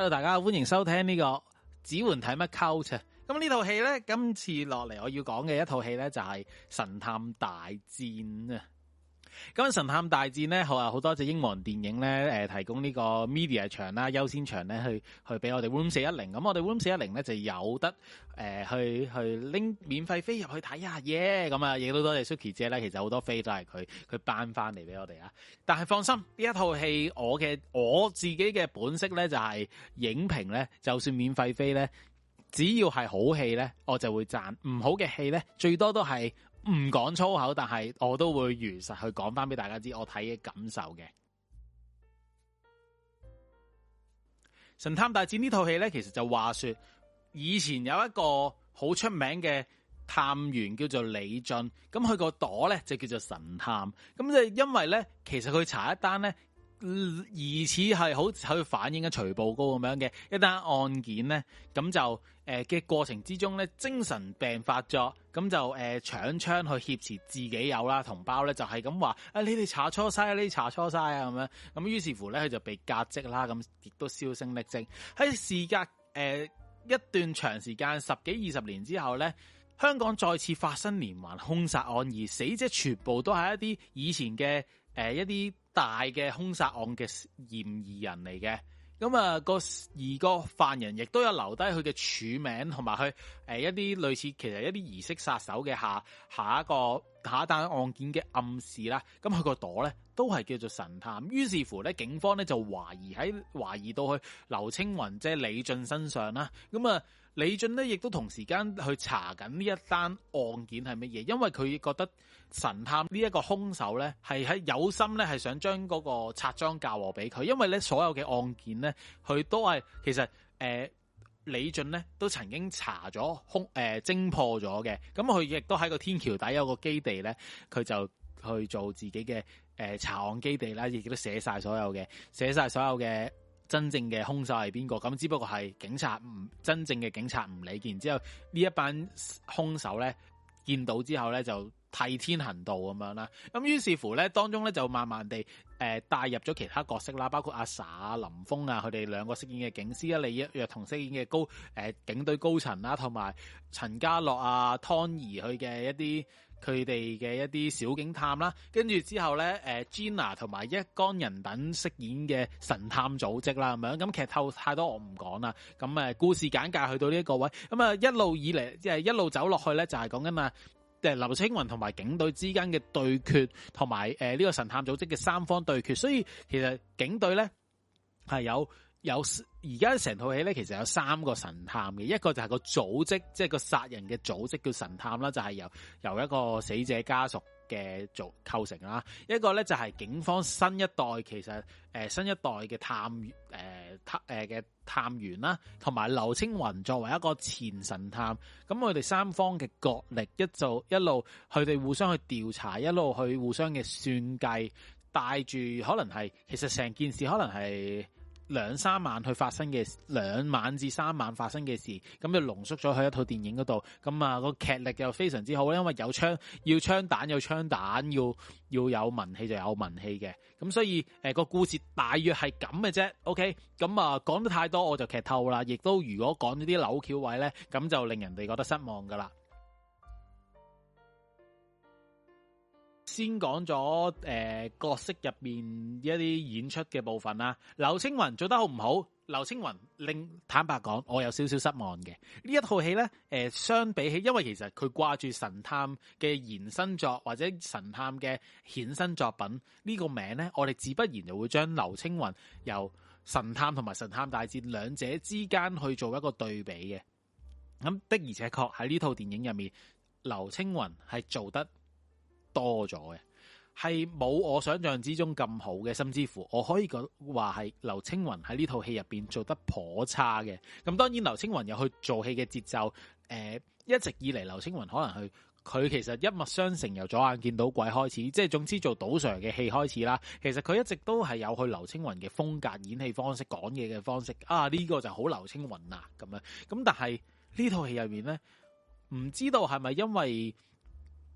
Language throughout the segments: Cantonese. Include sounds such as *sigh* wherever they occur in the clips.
Hello 大家歡迎收聽呢、這個子煥睇乜溝啫，咁呢套戲呢，今次落嚟我要講嘅一套戲呢，就係神探大戰啊！今日神探大戰咧，好啊！好多隻英皇電影咧、呃，提供呢個 media 場啦、優先場咧，去去俾我哋 room 四一零。咁我哋 room 四一零咧就有得誒、呃、去去拎免費飛入去睇下嘢。咁啊，亦都多謝 Suki 姐咧，其實好多飛都係佢佢班翻嚟俾我哋啊。但係放心，呢一套戲我嘅我自己嘅本色咧，就係、是、影評咧，就算免費飛咧，只要係好戲咧，我就會讚；唔好嘅戲咧，最多都係。唔講粗口，但係我都會如實去講翻俾大家知我睇嘅感受嘅。《神探大戰》呢套戲呢，其實就話說以前有一個好出名嘅探員叫做李俊，咁佢個朵呢就叫做神探，咁就因為呢，其實佢查一單呢。疑似係好似喺度反映緊徐步高咁樣嘅一單案件呢，咁就誒嘅、呃、過程之中呢，精神病發作，咁就誒搶、呃、槍去挾持自己友啦，同胞呢，就係咁話，啊你哋查錯晒，你哋查錯晒啊咁樣，咁於是乎呢，佢就被革職啦，咁亦都銷聲匿迹。喺事隔誒、呃、一段長時間，十幾二十年之後呢，香港再次發生連環凶殺案，而死者全部都係一啲以前嘅誒、呃、一啲。大嘅兇殺案嘅嫌疑人嚟嘅，咁啊個而個犯人亦都有留低佢嘅署名同埋佢誒一啲類似其實一啲儀式殺手嘅下下一個下一單案件嘅暗示啦，咁佢個朵咧，都係叫做神探，於是乎咧警方咧就懷疑喺懷疑到去劉青雲即係李俊身上啦，咁啊。李俊咧，亦都同時間去查緊呢一單案件係乜嘢，因為佢覺得神探呢一個兇手咧，係喺有心咧，係想將嗰個拆裝嫁禍俾佢，因為咧所有嘅案件咧，佢都係其實、呃、李俊咧都曾經查咗兇、呃、偵破咗嘅，咁佢亦都喺個天橋底有個基地咧，佢就去做自己嘅、呃、查案基地啦，亦都寫晒所有嘅，寫晒所有嘅。真正嘅兇手係邊個？咁只不過係警察唔真正嘅警察唔理，然之後呢一班兇手呢，見到之後呢，就替天行道咁樣啦。咁於是乎呢，當中呢，就慢慢地誒、呃、帶入咗其他角色啦，包括阿 Sa、林峰啊，佢哋兩個飾演嘅警司啊，李若彤飾演嘅高誒、呃、警隊高層啦、啊，同埋陳家樂啊湯怡佢嘅一啲，佢哋嘅一啲小警探啦，跟住之後咧，誒 Gina 同埋一干人等飾演嘅神探組織啦，咁樣，咁劇透太多我唔講啦。咁誒故事簡介去到呢一個位，咁啊一路以嚟即係一路走落去咧，就係講緊啊，誒，劉青雲同埋警隊之間嘅對決，同埋誒呢個神探組織嘅三方對決，所以其實警隊咧係有。有而家成套戲咧，其實有三個神探嘅，一個就係個組織，即係個殺人嘅組織叫神探啦，就係由由一個死者家屬嘅組構成啦。一個咧就係警方新一代，其實誒新一代嘅探誒誒嘅探員啦，同埋劉青雲作為一個前神探，咁佢哋三方嘅角力，一做一路佢哋互相去調查，一路去互相嘅算計，帶住可能係其實成件事可能係。兩三晚去發生嘅兩晚至三晚發生嘅事，咁就濃縮咗去一套電影嗰度。咁啊，個劇力又非常之好，因為有槍要槍彈，有槍彈要要有文戲就有文戲嘅。咁所以誒個、呃、故事大約係咁嘅啫。OK，咁啊講得太多我就劇透啦。亦都如果講呢啲扭橋位呢，咁就令人哋覺得失望噶啦。先講咗誒角色入面一啲演出嘅部分啦。劉青雲做得好唔好？劉青雲，令坦白講，我有少少失望嘅。呢一套戲呢，呃，相比起，因為其實佢掛住神探嘅延伸作或者神探嘅衍生作品呢，呢個名呢，我哋自不然就會將劉青雲由神探同埋神探大戰兩者之間去做一個對比嘅。咁的而且確喺呢套電影入面，劉青雲係做得，多咗嘅，係冇我想象之中咁好嘅，甚至乎我可以講話係劉青雲喺呢套戲入邊做得頗差嘅。咁當然劉青雲有去做戲嘅節奏，誒、呃，一直以嚟劉青雲可能佢佢其實一脈相承，由左眼見到鬼開始，即係總之做賭上嘅戲開始啦。其實佢一直都係有去劉青雲嘅風格演戲方式、講嘢嘅方式啊，呢、這個就好劉青雲啦咁樣。咁但係呢套戲入面呢，唔知道係咪因為？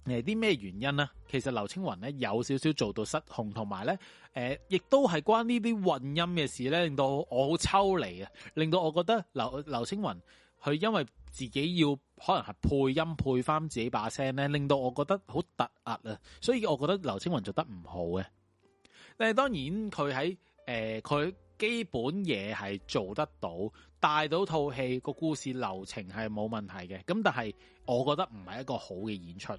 誒，啲咩原因呢？其實劉青雲咧有少少做到失控，同埋咧，誒、呃，亦都係關呢啲混音嘅事咧，令到我好抽離啊！令到我覺得劉劉青雲佢因為自己要可能係配音配翻自己把聲咧，令到我覺得好突兀啊！所以我覺得劉青雲做得唔好嘅。但、呃、係當然佢喺誒，佢、呃、基本嘢係做得到，帶到套戲個故事流程係冇問題嘅。咁但係我覺得唔係一個好嘅演出。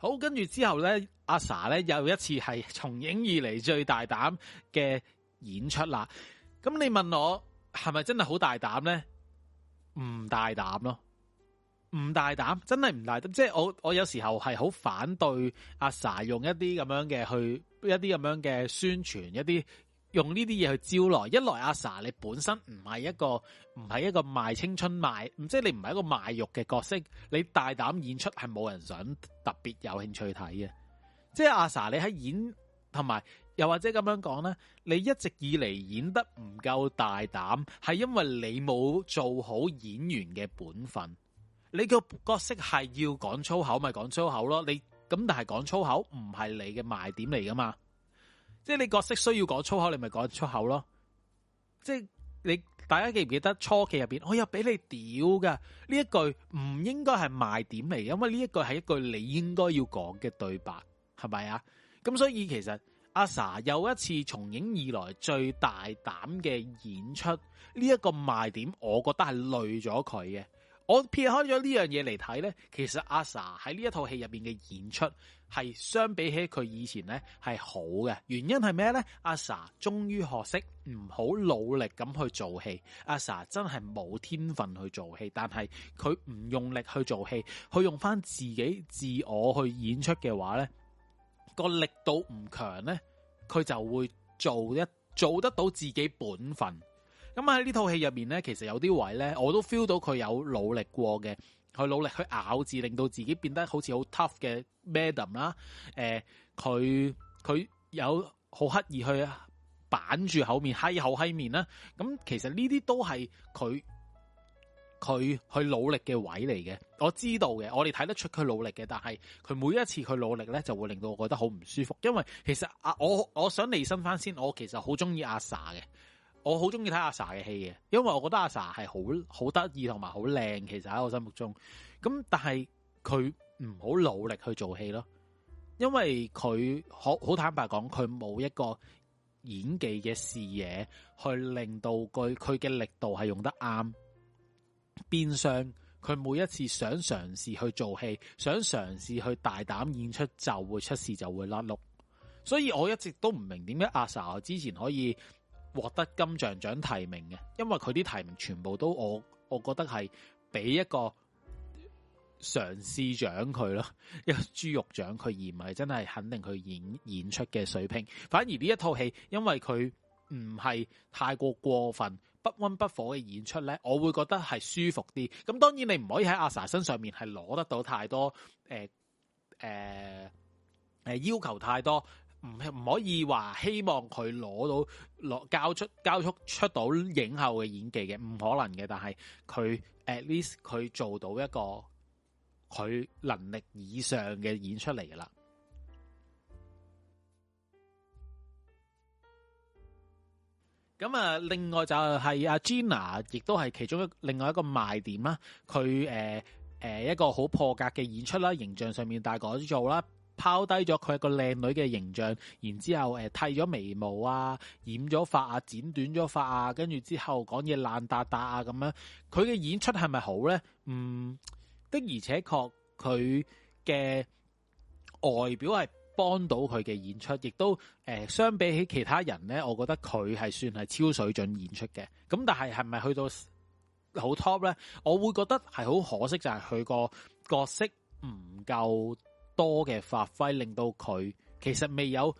好，跟住之後咧，阿 sa 咧又一次係從影以嚟最大膽嘅演出啦。咁你問我係咪真係好大膽咧？唔大膽咯，唔大膽，真係唔大膽。即係我我有時候係好反對阿 sa 用一啲咁樣嘅去一啲咁樣嘅宣傳一啲。用呢啲嘢去招徠，一來阿 Sa 你本身唔係一個唔係一個賣青春賣，唔，即係你唔係一個賣肉嘅角色，你大膽演出係冇人想特別有興趣睇嘅。即係阿 Sa 你喺演，同埋又或者咁樣講呢，你一直以嚟演得唔夠大膽，係因為你冇做好演員嘅本分。你個角色係要講粗口咪講粗口咯，你咁但係講粗口唔係你嘅賣點嚟噶嘛？即係你角色需要講粗口，你咪講粗口咯。即係你大家記唔記得初期入邊，我又俾你屌噶呢一句，唔應該係賣點嚟，因為呢一句係一句你應該要講嘅對白，係咪啊？咁所以其實阿 sa 又一次從影以來最大膽嘅演出，呢一個賣點，我覺得係累咗佢嘅。我撇開咗呢樣嘢嚟睇咧，其實阿 sa 喺呢一套戲入邊嘅演出。係相比起佢以前呢，係好嘅。原因係咩呢？阿 Sa 終於學識唔好努力咁去做戲。阿 Sa 真係冇天分去做戲，但係佢唔用力去做戲，佢用翻自己自我去演出嘅話，呢個力度唔強呢，佢就會做一做得到自己本分。咁喺呢套戲入面呢，其實有啲位呢，我都 feel 到佢有努力過嘅。佢努力去咬字，令到自己變得好似好 tough 嘅 madam 啦、呃。誒，佢佢有好刻意去板住口面，黑口黑面啦。咁其實呢啲都係佢佢去努力嘅位嚟嘅。我知道嘅，我哋睇得出佢努力嘅，但係佢每一次去努力咧，就會令到我覺得好唔舒服。因為其實啊，我我想離身翻先，我其實好中意阿 Sa 嘅。我好中意睇阿 Sa 嘅戲嘅，因為我覺得阿 Sa 係好好得意同埋好靚，其實喺我心目中。咁但係佢唔好努力去做戲咯，因為佢好好坦白講，佢冇一個演技嘅視野去令到佢佢嘅力度係用得啱。變相佢每一次想嘗試去做戲，想嘗試去大膽演出，就會出事，就會甩碌。所以我一直都唔明點解阿 Sa 之前可以。獲得金像獎提名嘅，因為佢啲提名全部都我我覺得係俾一個嘗試獎佢咯，一個豬肉獎佢，而唔係真係肯定佢演演出嘅水平。反而呢一套戲，因為佢唔係太過過分不溫不火嘅演出呢，我會覺得係舒服啲。咁當然你唔可以喺阿 Sa 身上面係攞得到太多誒誒、呃呃、要求太多。唔係唔可以話希望佢攞到攞交出交出出到影后嘅演技嘅，唔可能嘅。但係佢 at least 佢做到一個佢能力以上嘅演出嚟噶啦。咁啊， *music* 另外就係阿 Gina 亦都係其中一另外一個賣點啦。佢誒誒一個好破格嘅演出啦，形象上面大改造啦。拋低咗佢係個靚女嘅形象，然之後誒剃咗眉毛啊，染咗髮啊，剪短咗髮啊，跟住之後講嘢爛達達啊咁樣，佢嘅演出係咪好呢？嗯，的而且確佢嘅外表係幫到佢嘅演出，亦都誒、呃、相比起其他人呢，我覺得佢係算係超水準演出嘅。咁但係係咪去到好 top 呢？我會覺得係好可惜，就係佢個角色唔夠。多嘅發揮，令到佢其實未有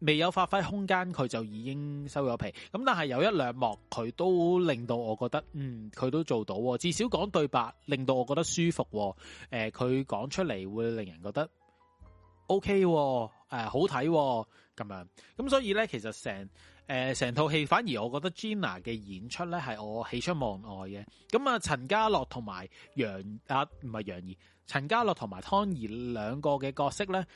未有發揮空間，佢就已經收咗皮。咁但係有一兩幕，佢都令到我覺得，嗯，佢都做到。至少講對白，令到我覺得舒服。誒、呃，佢講出嚟會令人覺得 OK。誒、OK 啊，呃，好睇咁、啊、樣。咁所以呢，其實成。誒、呃，成套戲反而我覺得 Gina 嘅演出咧，係我喜出望外嘅。咁啊，陳家樂同埋楊啊，唔係楊怡，陳家樂同埋湯怡兩個嘅角色咧，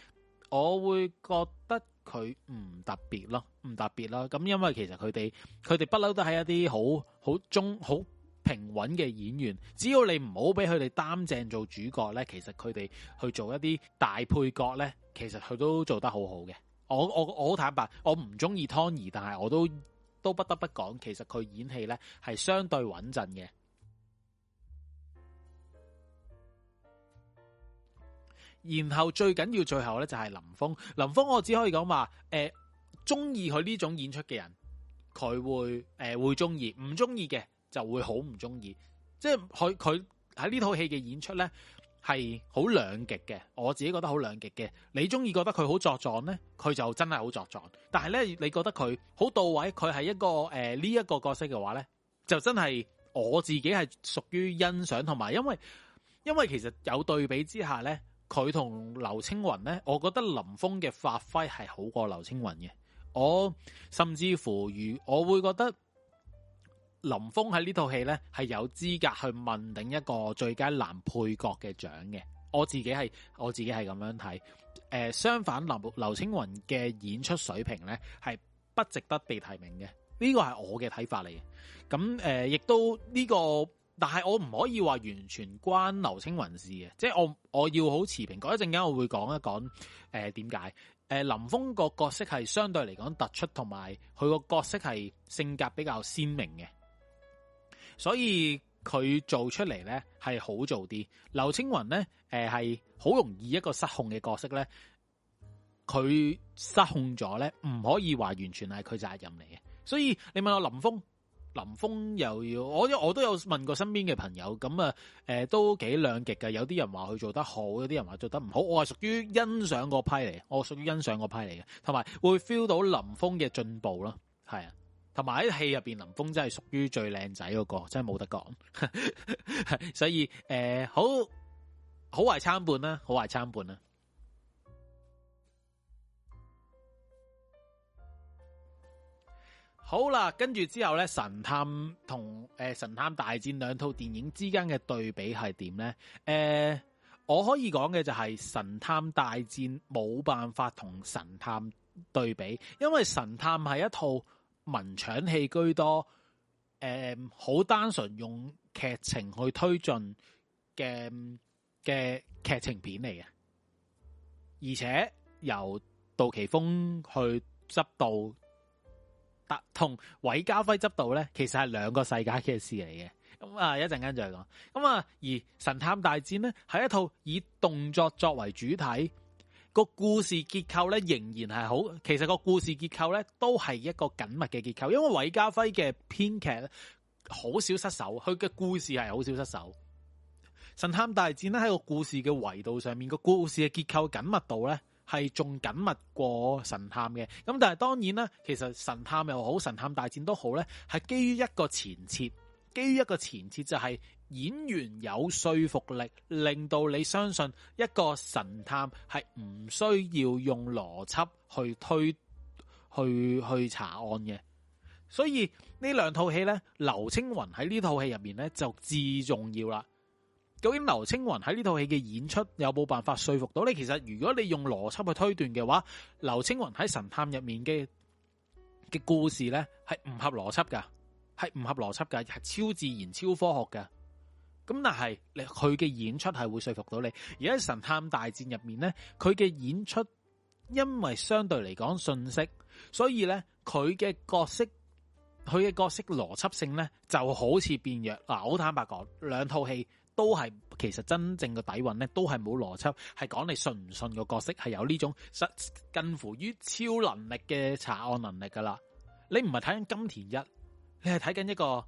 我會覺得佢唔特別咯，唔特別囉。咁因為其實佢哋佢哋不嬲都係一啲好好中好平穩嘅演員。只要你唔好俾佢哋擔正做主角咧，其實佢哋去做一啲大配角咧，其實佢都做得好好嘅。我我我好坦白，我唔中意 Tony，但係我都都不得不講，其實佢演戲呢係相對穩陣嘅。然後最緊要最後呢就係林峰，林峰我只可以講話，誒、呃，中意佢呢種演出嘅人，佢會誒、呃、會中意，唔中意嘅就會好唔中意，即係佢佢喺呢套戲嘅演出呢。係好兩極嘅，我自己覺得好兩極嘅。你中意覺得佢好作狀呢？佢就真係好作狀。但係呢，你覺得佢好到位，佢係一個誒呢一個角色嘅話呢，就真係我自己係屬於欣賞同埋，因為因為其實有對比之下呢，佢同劉青雲呢，我覺得林峰嘅發揮係好過劉青雲嘅。我甚至乎如我會覺得。林峰喺呢套戲呢，係有資格去問鼎一個最佳男配角嘅獎嘅，我自己係我自己係咁樣睇。誒、呃，相反，林劉青雲嘅演出水平呢，係不值得被提名嘅，呢、這個係我嘅睇法嚟嘅。咁、嗯、誒，亦、呃、都呢、這個，但係我唔可以話完全關劉青雲事嘅，即係我我要好持平。過一陣間我會講一講，誒點解？誒、呃，林峰個角色係相對嚟講突出，同埋佢個角色係性格比較鮮明嘅。所以佢做出嚟咧係好做啲。劉青雲咧，誒係好容易一個失控嘅角色咧，佢失控咗咧，唔可以話完全係佢責任嚟嘅。所以你問我林峰，林峰又要我，我都有問過身邊嘅朋友咁啊，誒、呃，都幾兩極嘅。有啲人話佢做得好，有啲人話做得唔好。我係屬於欣賞個批嚟，我屬於欣賞個批嚟嘅，同埋會 feel 到林峰嘅進步咯，係啊。同埋喺戲入邊，林峰真係屬於最靚仔嗰個，真係冇得講。 *laughs* 所以誒、呃，好，好壞參半啦，好壞參半啦。好啦，跟住之後咧，《神探》同、呃、誒《神探大戰》兩套電影之間嘅對比係點咧？誒、呃，我可以講嘅就係《神探大戰》冇辦法同《神探》對比，因為《神探》係一套。文場戲居多，誒、嗯，好單純用劇情去推進嘅嘅劇情片嚟嘅，而且由杜琪峰去執導，同韋家輝執導咧，其實係兩個世界嘅事嚟嘅。咁、嗯、啊，一陣間再講。咁、嗯、啊，而《神探大戰》呢咧係一套以動作作為主體。個故事結構咧仍然係好，其實個故事結構咧都係一個緊密嘅結構，因為韋家輝嘅編劇好少失手，佢嘅故事係好少失手。神探大戰咧喺，個故事嘅維度上面，個故事嘅結構的緊密度咧係仲緊密過神探嘅。咁但係當然啦，其實神探又好，神探大戰都好咧，係基於一個前設，基於一個前設就係、是。演員有說服力，令到你相信一個神探係唔需要用邏輯去推、去去查案嘅。所以呢兩套戲呢劉青雲喺呢套戲入面呢就至重要啦。究竟劉青雲喺呢套戲嘅演出有冇辦法說服到你？其實如果你用邏輯去推斷嘅話，劉青雲喺神探入面嘅嘅故事呢係唔合邏輯噶係唔合邏輯噶係超自然、超科學噶咁但係你佢嘅演出係會說服到你，而喺《神探大戰》入面咧，佢嘅演出因為相對嚟講遜色，所以咧佢嘅角色佢嘅角色邏輯性咧就好似變弱。嗱、啊，好坦白講，兩套戲都係其實真正嘅底蘊咧都係冇邏輯，係講你信唔信個角色係有呢種實近乎於超能力嘅查案能力噶啦。你唔係睇緊金田一，你係睇緊一個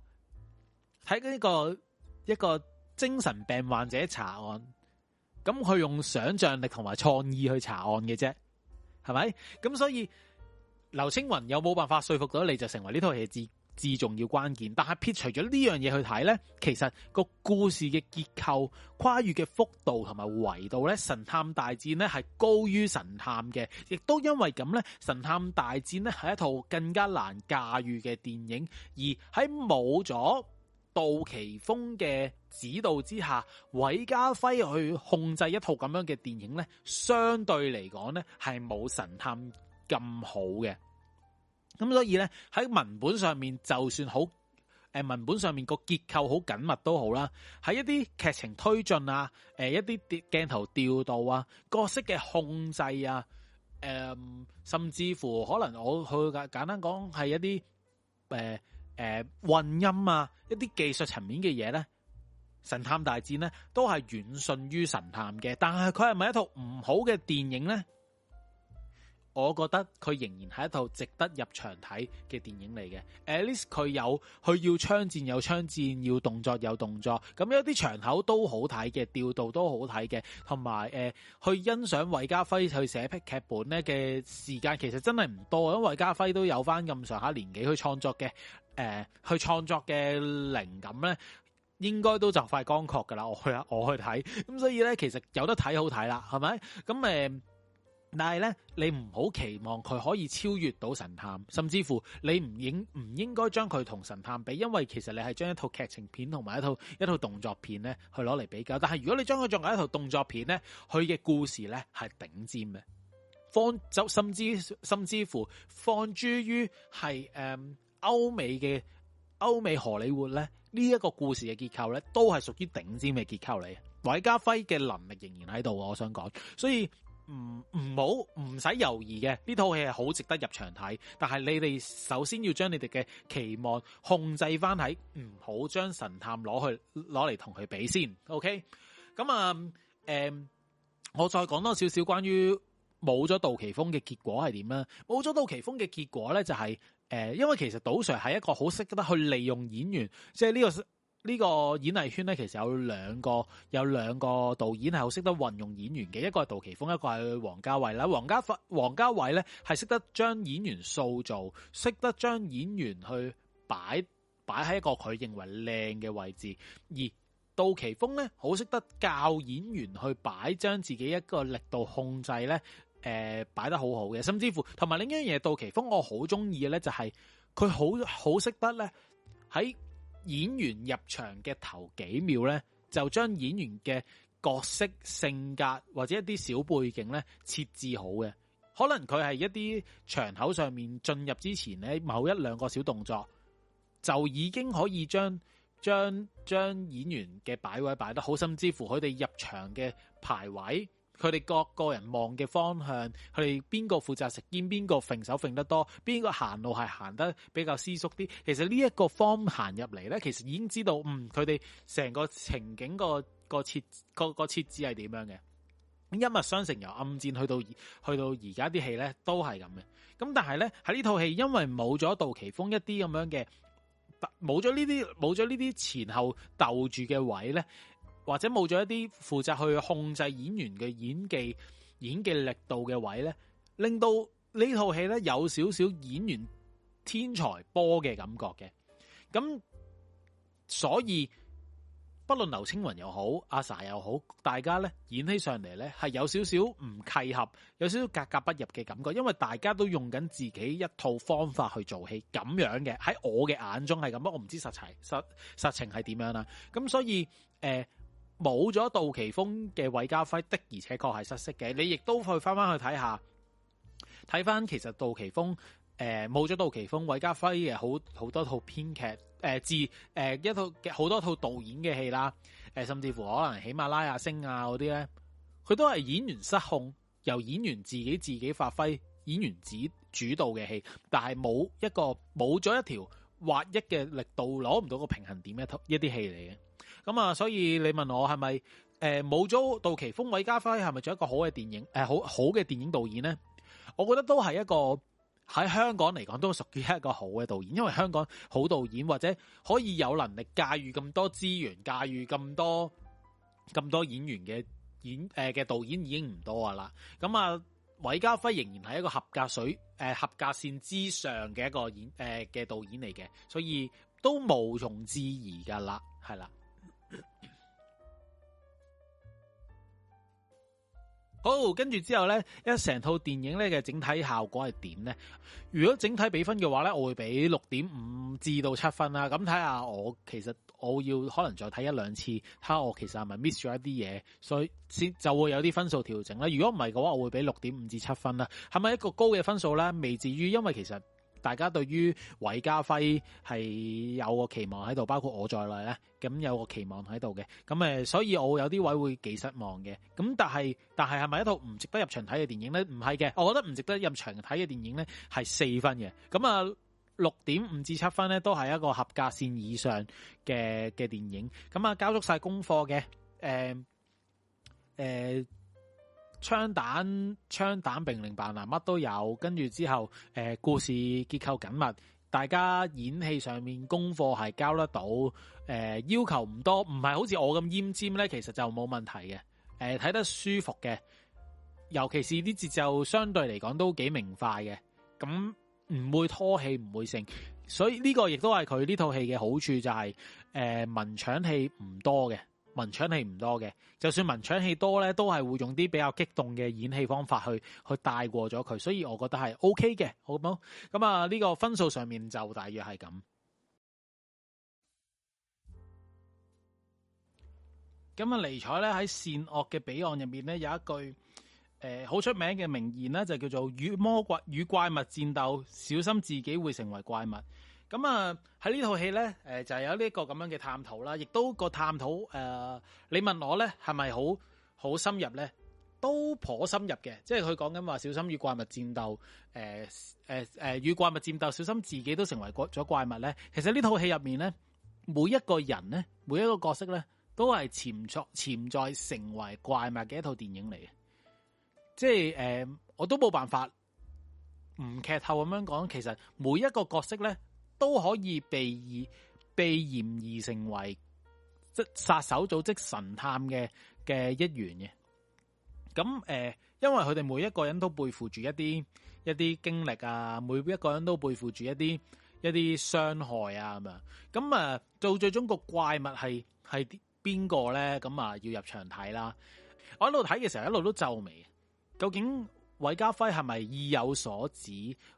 睇緊一個一個。精神病患者查案，咁佢用想象力同埋創意去查案嘅啫，係咪？咁所以劉青雲有冇辦法說服到你，就成為呢套戲至至重要關鍵。但係撇除咗呢樣嘢去睇呢，其實個故事嘅結構跨越嘅幅度同埋維度呢，神探大戰呢係高於神探嘅，亦都因為咁呢，神探大戰呢係一套更加難駕馭嘅電影，而喺冇咗。杜琪峰嘅指導之下，韋家輝去控制一套咁樣嘅電影咧，相對嚟講咧係冇神探咁好嘅。咁所以咧喺文本上面，就算好誒、呃，文本上面個結構很緊好緊密都好啦。喺一啲劇情推進啊，誒、呃、一啲鏡頭調度啊，角色嘅控制啊，誒、呃、甚至乎可能我去簡單講係一啲誒。呃誒、呃，混音啊，一啲技術層面嘅嘢呢，《神探大戰》呢都係遠遜於《神探》嘅，但係佢係咪一套唔好嘅電影呢？我覺得佢仍然係一套值得入場睇嘅電影嚟嘅。At least 佢有去要槍戰有槍戰，要動作有動作，咁有啲場口都好睇嘅，調度都好睇嘅，同埋誒去欣賞韋家輝去寫批劇本呢嘅時間，其實真係唔多，因為韋家輝都有翻咁上下年紀去創作嘅。誒、呃，去創作嘅靈感咧，應該都就快乾涸噶啦。我去，我去睇，咁所以咧，其實有得睇好睇啦，係咪？咁誒、呃，但係咧，你唔好期望佢可以超越到神探，甚至乎你唔應唔應該將佢同神探比，因為其實你係將一套劇情片同埋一套一套，一套動作片咧去攞嚟比較。但係如果你將佢作為一套動作片咧，佢嘅故事咧係頂尖嘅，放就甚至甚至乎放諸於係誒。呃歐美嘅、歐美荷里活咧，呢一個故事嘅結構咧都係屬於頂尖嘅結構嚟。韋家輝嘅能力仍然喺度，我想講，所以唔唔好唔使猶豫嘅，呢套戲係好值得入場睇。但係你哋首先要將你哋嘅期望控制翻喺，唔好將神探攞去攞嚟同佢比先。OK，咁啊，誒、嗯嗯，我再講多少少關於冇咗杜琪峰嘅結果係點啦？冇咗杜琪峰嘅結果咧，就係、是。誒，因為其實杜 Sir 係一個好識得去利用演員，即係呢個、呢個演藝圈呢，其實有兩個有兩個導演係好識得運用演員嘅，一個係杜琪峰，一個係王家衛啦。王家王家衛咧係識得將演員塑造，識得將演員去擺擺喺一個佢認為靚嘅位置，而杜琪峰呢，好識得教演員去擺將自己一個力度控制呢。誒、呃，擺得好好嘅，甚至乎同埋另一樣嘢，杜琪峰我好中意嘅呢，就係佢好好識得呢。喺演員入場嘅頭幾秒呢，就將演員嘅角色性格或者一啲小背景呢設置好嘅。可能佢係一啲場口上面進入之前呢，某一兩個小動作就已經可以將將將演員嘅擺位擺得好，甚至乎佢哋入場嘅排位。佢哋各個人望嘅方向，佢哋邊個負責食煙，邊個揈手揈得多，邊個行路係行得比較斯淑啲。其實呢一個方行入嚟咧，其實已經知道，嗯，佢哋成個情景的個個設個個設置係點樣嘅。一脈相承由暗戰去到去到而家啲戲咧都係咁嘅。咁但係咧喺呢套戲，因為冇咗杜琪峰一啲咁樣嘅，冇咗呢啲冇咗呢啲前後鬥住嘅位咧。或者冇咗一啲負責去控制演員嘅演技、演技力度嘅位呢，令到呢套戲呢有少少演員天才波嘅感覺嘅。咁所以，不論劉青雲又好，阿 Sa 又好，大家呢演起上嚟呢係有少少唔契合，有少少格格不入嘅感覺。因為大家都用緊自己一套方法去做戲，咁樣嘅喺我嘅眼中係咁，我唔知實，實，實，實情係點樣啦。咁所以，誒、呃。冇咗杜琪峰嘅韋家輝的而且確係失色嘅。你亦都去翻翻去睇下，睇翻其實杜琪峰。誒冇咗杜琪峰韋家輝嘅好好多套編劇，誒自誒一套嘅，呃呃、好多套導演嘅戲啦，誒、呃、甚至乎可能喜馬拉雅星啊嗰啲咧，佢都係演員失控，由演員自己自己發揮，演員主主導嘅戲，但係冇一個冇咗一條劃一嘅力度，攞唔到個平衡點一套一啲戲嚟嘅。咁啊，所以你問我係咪誒冇咗杜琪峰、韋家輝係咪仲一個好嘅電影誒、呃、好好嘅電影導演咧？我覺得都係一個喺香港嚟講都屬於一個好嘅導演，因為香港好導演或者可以有能力駕馭咁多資源、駕馭咁多咁多演員嘅演誒嘅、呃、導演已經唔多噶啦。咁啊，韋家輝仍然係一個合格水誒、呃、合格線之上嘅一個演誒嘅、呃、導演嚟嘅，所以都毋庸置疑噶啦，係啦。好，跟住之後呢，一成套電影呢嘅整體效果係點呢？如果整體比分嘅話呢，我會俾六點五至到七分啦。咁睇下我其實我要可能再睇一兩次，睇下我其實係咪 miss 咗一啲嘢，所以先就會有啲分數調整啦。如果唔係嘅話，我會俾六點五至七分啦。係咪一個高嘅分數呢？未至於，因為其實。大家對於韋家輝係有個期望喺度，包括我在內咧，咁有個期望喺度嘅。咁誒，所以我有啲位會幾失望嘅。咁但係，但係係咪一套唔值得入場睇嘅電影咧？唔係嘅，我覺得唔值得入場睇嘅電影咧係四分嘅。咁啊，六點五至七分咧都係一個合格線以上嘅嘅電影。咁啊，交足晒功課嘅，誒、呃、誒。呃槍彈槍彈並零扮啊，乜都有。跟住之後，誒、呃，故事結構緊密，大家演戲上面功課係交得到。誒、呃，要求唔多，唔係好似我咁閹尖咧，其實就冇問題嘅。誒、呃，睇得舒服嘅，尤其是啲節奏相對嚟講都幾明快嘅，咁唔會拖戲，唔會剩。所以呢個亦都係佢呢套戲嘅好處，就係、是、誒、呃、文場戲唔多嘅。文場戲唔多嘅，就算文場戲多呢，都係會用啲比較激動嘅演戲方法去去帶過咗佢，所以我覺得係 O K 嘅，好唔好？咁啊呢個分數上面就大約係咁。咁啊，尼采呢喺善惡嘅彼岸入面呢，有一句誒好出名嘅名言呢，就叫做與魔鬼與怪物戰鬥，小心自己會成為怪物。咁啊，喺呢套戲咧，誒、呃、就係有呢個咁樣嘅探討啦，亦都個探討誒、呃，你問我咧係咪好好深入咧，都頗深入嘅。即係佢講緊話，小心與怪物戰鬥，誒誒誒與怪物戰鬥，小心自己都成為怪咗怪物咧。其實這裡呢套戲入面咧，每一個人咧，每一個角色咧，都係潛藏潛在成為怪物嘅一套電影嚟嘅。即係誒，我都冇辦法唔劇透咁樣講，其實每一個角色咧。都可以被疑被嫌疑成為即殺手組織神探嘅嘅一員嘅，咁誒、呃，因為佢哋每一個人都背負住一啲一啲經歷啊，每一個人都背負住一啲一啲傷害啊咁樣，咁啊到最終個怪物係係邊個咧？咁啊要入場睇啦！我喺度睇嘅時候，一路都皺眉，究竟韋家輝係咪意有所指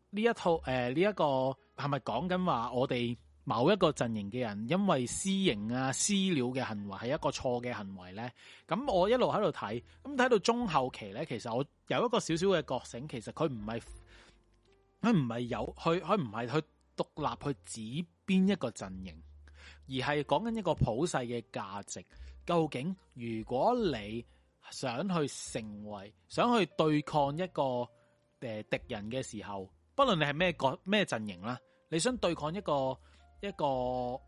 呢一套誒呢一個？係咪講緊話我哋某一個陣營嘅人，因為私刑啊、私了嘅行為係一個錯嘅行為咧？咁我一路喺度睇，咁睇到中後期呢，其實我有一個少少嘅覺醒，其實佢唔係佢唔係有去，佢唔係去獨立去指邊一個陣營，而係講緊一個普世嘅價值。究竟如果你想去成為、想去對抗一個誒敵人嘅時候？不論你係咩國咩陣營啦，你想對抗一個一個誒、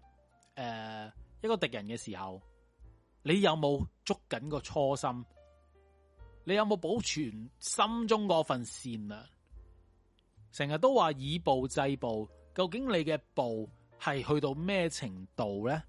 呃、一個敵人嘅時候，你有冇捉緊個初心？你有冇保存心中嗰份善啊？成日都話以暴制暴，究竟你嘅暴係去到咩程度咧？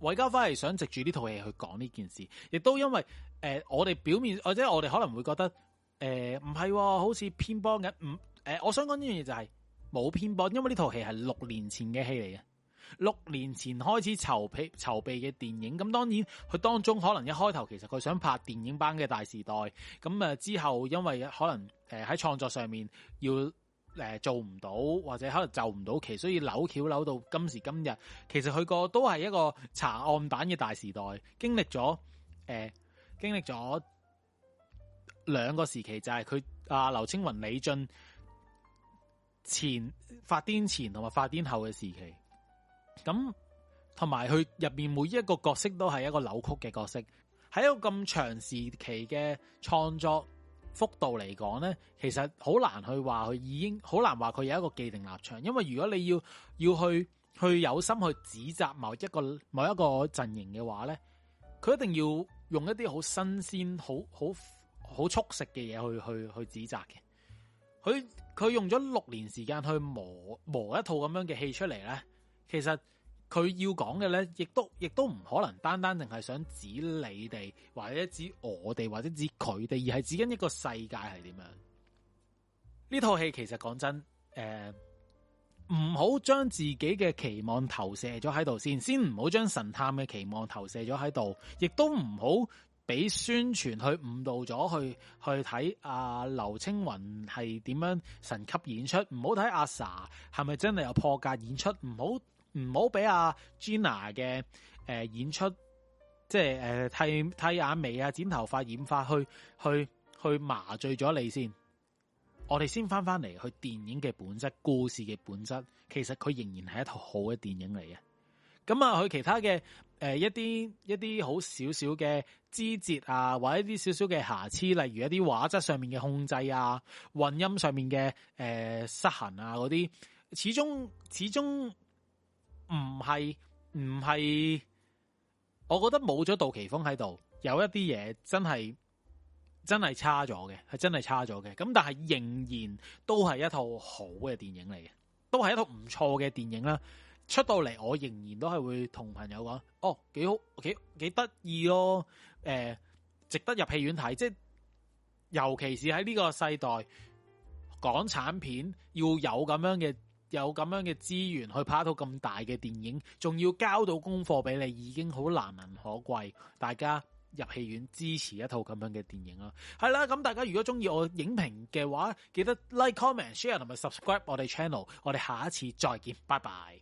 韋家輝係想藉住呢套戲去講呢件事，亦都因為誒、呃，我哋表面或者我哋可能會覺得。誒、呃，唔係、哦，好似偏幫嘅，唔、嗯、誒、呃，我想講呢樣嘢就係冇偏幫，因為呢套戲係六年前嘅戲嚟嘅，六年前開始籌備籌備嘅電影，咁當然佢當中可能一開頭其實佢想拍電影版嘅《大時代》，咁啊之後因為可能誒喺創作上面要誒做唔到，或者可能就唔到期，所以扭巧扭到今時今日，其實佢個都係一個查案版嘅《大時代》，經歷呃，經歷咗誒經歷咗。兩個時期就係佢阿劉青雲、李俊前發癲前同埋發癲後嘅時期。咁同埋佢入邊每一個角色都係一個扭曲嘅角色。喺一個咁長時期嘅創作幅度嚟講咧，其實好難去話佢已經好難話佢有一個既定立場。因為如果你要要去去有心去指責某一個某一個陣營嘅話咧，佢一定要用一啲好新鮮、好好。好好速食嘅嘢，去去去指責嘅，佢佢用咗六年時間去磨磨一套咁樣嘅戲出嚟咧，其實佢要講嘅咧，亦都亦都唔可能單單淨係想指你哋，或者指我哋，或者指佢哋，而係指緊一個世界係點樣？呢套戲其實講真，誒，唔好將自己嘅期望投射咗喺度先，先唔好將神探嘅期望投射咗喺度，亦都唔好。俾宣傳去誤導咗，去去睇阿、啊、劉青雲係點樣神級演出，唔好睇阿 Sa 係咪真係有破格演出，唔好唔好俾阿 Gina 嘅誒演出，即係誒、呃、剃剃眼眉啊、剪頭髮染髮去去去麻醉咗你先。我哋先翻翻嚟去電影嘅本質、故事嘅本質，其實佢仍然係一套好嘅電影嚟嘅。咁、嗯、啊，佢其他嘅。誒、呃，一啲一啲好少少嘅枝節啊，或者一啲少少嘅瑕疵，例如一啲畫質上面嘅控制啊，混音上面嘅誒、呃、失衡啊，嗰啲始終始終唔係唔係，我覺得冇咗杜琪峰喺度，有一啲嘢真係真係差咗嘅，係真係差咗嘅。咁但係仍然都係一套好嘅電影嚟嘅，都係一套唔錯嘅電影啦。出到嚟，我仍然都係會同朋友講哦，幾好幾幾得意咯。誒、呃，值得入戲院睇，即尤其是喺呢個世代，港產片要有咁樣嘅有咁樣嘅資源去拍一套咁大嘅電影，仲要交到功課俾你，已經好難能可貴。大家入戲院支持一套咁樣嘅電影啦。係、嗯、啦，咁大家如果中意我影評嘅話，記得 like、comment、share 同埋 subscribe 我哋 channel。我哋下一次再見，拜拜。